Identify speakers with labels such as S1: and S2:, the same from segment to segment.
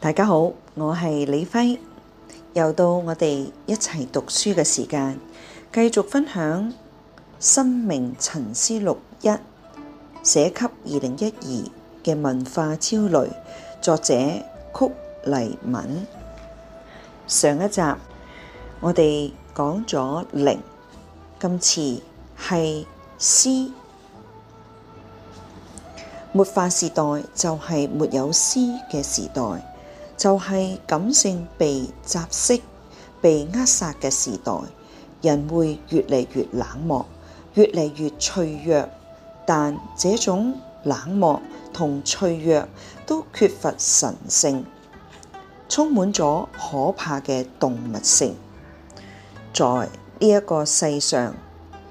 S1: 大家好，我係李輝，又到我哋一齊讀書嘅時間，繼續分享《生命沉思錄一》，寫給二零一二嘅文化焦慮，作者曲黎敏。上一集我哋講咗零，今次係詩，末化時代就係沒有詩嘅時代。就係感性被窒息，被扼殺嘅時代，人會越嚟越冷漠，越嚟越脆弱。但這種冷漠同脆弱都缺乏神性，充滿咗可怕嘅動物性。在呢一個世上，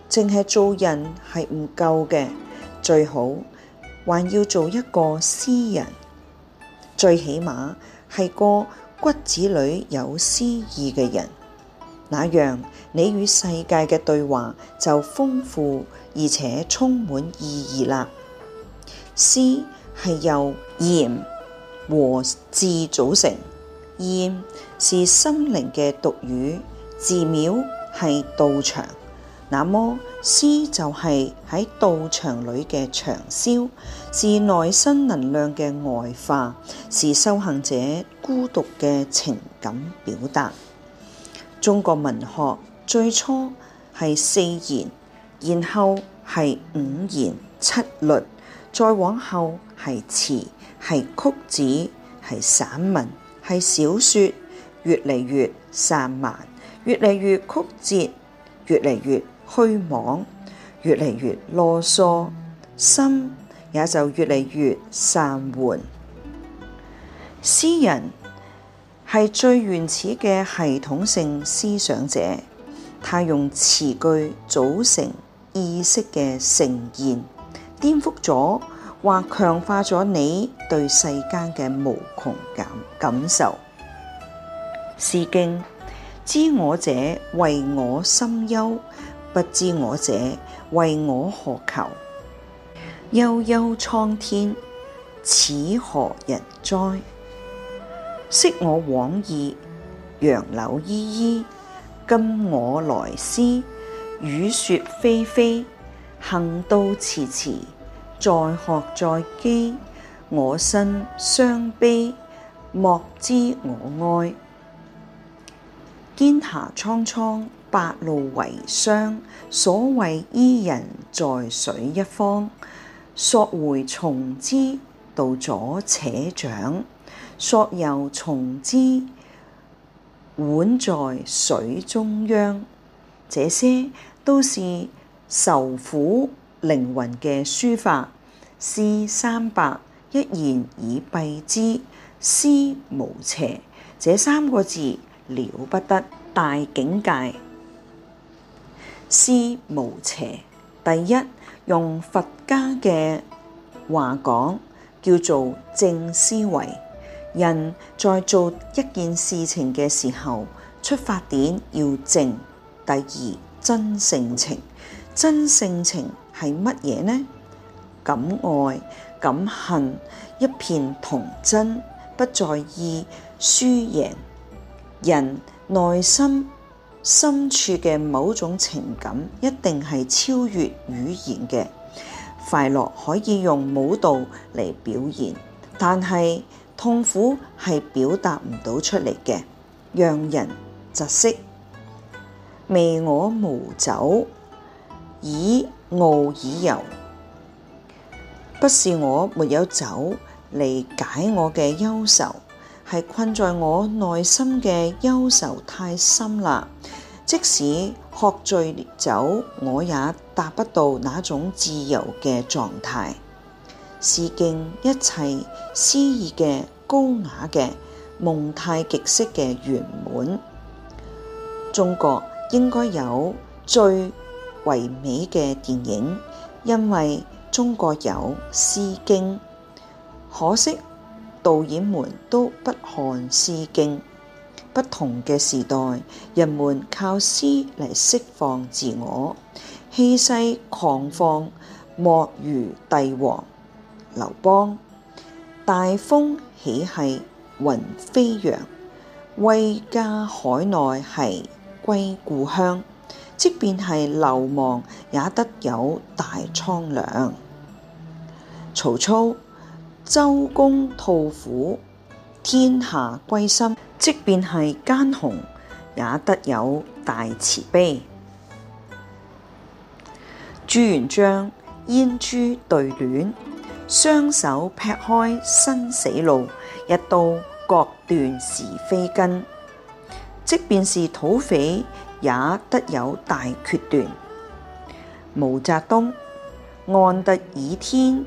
S1: 淨係做人係唔夠嘅，最好還要做一個詩人，最起碼。係個骨子裏有詩意嘅人，那樣你與世界嘅對話就豐富而且充滿意義啦。詩係由言和寺組成，言是心靈嘅獨語，寺廟係道場。那麼詩就係喺道場裏嘅長嘯，是內心能量嘅外化，是修行者孤獨嘅情感表達。中國文學最初係四言，然後係五言、七律，再往後係詞、係曲子、係散文、係小説，越嚟越散漫，越嚟越曲折，越嚟越虛妄越嚟越囉嗦，心也就越嚟越散緩。詩人係最原始嘅系統性思想者，他用詞句組成意識嘅呈現，顛覆咗或強化咗你對世間嘅無窮感感受。《詩經》知我者，謂我心憂。不知我者，謂我何求？悠悠蒼天，此何人哉？昔我往矣，楊柳依依；今我來思，雨雪霏霏。行道遲遲，載渴載飢。我心傷悲，莫知我哀。蒹葭蒼蒼。白露為霜，所謂伊人，在水一方，溯回從之，道阻且長；溯游從之，宛在水中央。這些都是愁苦靈魂嘅抒發。詩三百，一言以蔽之，思無邪。這三個字了不得，大境界。思無邪，第一，用佛家嘅話講，叫做正思維。人在做一件事情嘅時候，出發點要正。第二，真性情，真性情係乜嘢呢？敢愛、敢恨，一片童真，不在意輸贏。人內心，深處嘅某種情感一定係超越語言嘅。快樂可以用舞蹈嚟表現，但係痛苦係表達唔到出嚟嘅，讓人窒息。未我無酒，以敖以遊，不是我沒有酒嚟解我嘅憂愁。係困在我內心嘅憂愁太深啦，即使喝醉酒，我也達不到那種自由嘅狀態。致敬一切詩意嘅高雅嘅蒙太奇式嘅圓滿，中國應該有最唯美嘅電影，因為中國有《詩經》，可惜。導演們都不看詩經，不同嘅時代，人們靠詩嚟釋放自我，氣勢狂放，莫如帝王劉邦。大風起兮雲飛揚，威加海內兮歸故鄉。即便係流亡，也得有大蒼涼。曹操。周公吐哺，天下歸心；即便係奸雄，也得有大慈悲。朱元璋閹豬對聯，雙手劈開生死路；一刀割斷是非根。即便是土匪，也得有大決斷。毛澤東安得倚天，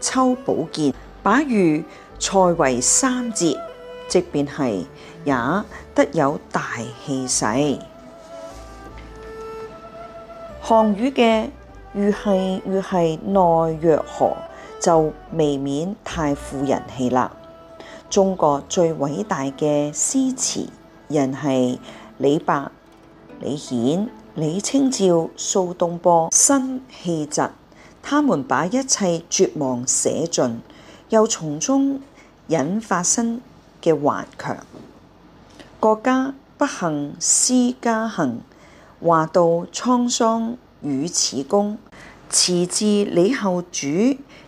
S1: 抽寶劍。把魚菜為三節，即便係，也得有大氣勢。項羽嘅虞兮虞兮奈若何，就未免太富人氣啦。中國最偉大嘅詩詞人係李白、李顯、李清照、蘇東坡、辛棄疾，他們把一切絕望寫盡。又從中引發新嘅頑強，國家不幸詩家幸，話到滄桑與此功。詞至李後主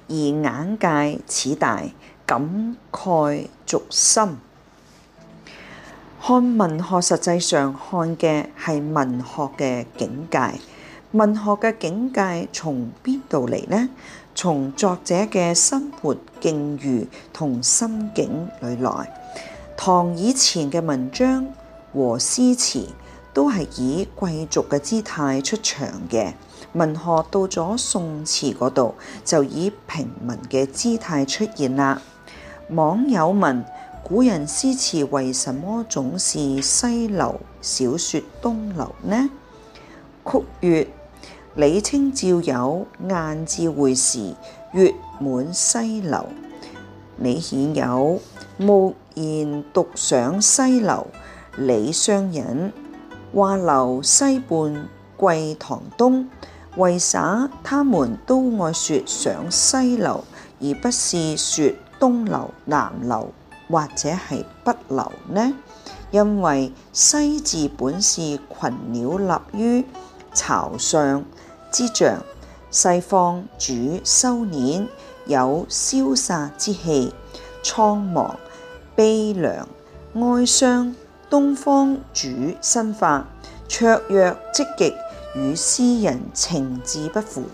S1: 而眼界始大，感慨逐深。看文學實際上看嘅係文學嘅境界，文學嘅境界從邊度嚟呢？從作者嘅生活境遇同心境裏來，唐以前嘅文章和詩詞都係以貴族嘅姿態出場嘅。文學到咗宋詞嗰度，就以平民嘅姿態出現啦。網友問：古人詩詞為什麼總是西流小説東流呢？曲語李清照有雁字回時，月滿西樓。李顯有暮然獨上西樓。李商隱畫樓西畔桂堂東。為啥他們都愛說上西樓，而不是說東樓、南樓或者係北樓呢？因為西字本是群鳥立於巢上。之象，西方主收斂，有消散之氣，蒼茫、悲涼、哀傷；東方主生發，綽約積極，與詩人情志不符，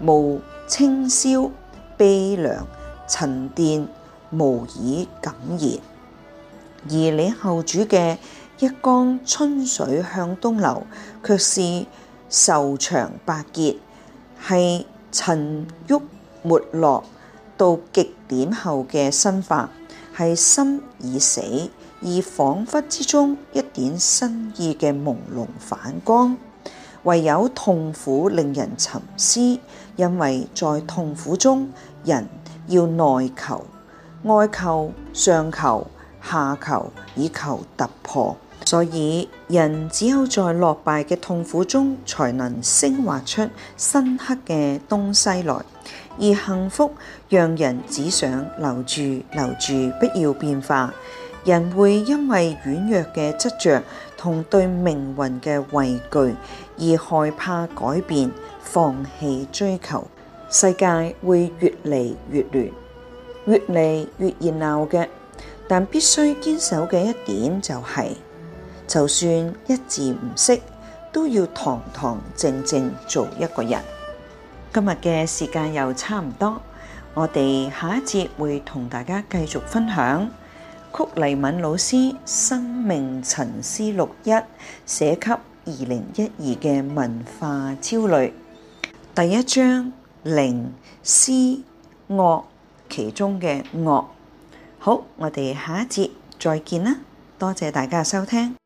S1: 無清宵、悲涼、沉澱，無以感言。而李後主嘅一江春水向東流，卻是。愁長百劫，係塵鬱沒落到極點後嘅新法，係心已死而恍惚之中一點新意嘅朦朧反光，唯有痛苦令人沉思，因為在痛苦中人要內求、外求、上求。下求以求突破，所以人只有在落敗嘅痛苦中，才能升華出深刻嘅東西來。而幸福讓人只想留住，留住，不要變化。人會因為軟弱嘅執着同對命運嘅畏懼，而害怕改變、放棄追求。世界會越嚟越亂，越嚟越熱鬧嘅。但必須堅守嘅一點就係、是，就算一字唔識，都要堂堂正正做一個人。今日嘅時間又差唔多，我哋下一節會同大家繼續分享曲黎敏老師《生命沉思錄一》寫給二零一二嘅文化焦慮第一章靈思惡其中嘅惡。好，我哋下一節再見啦，多謝大家收聽。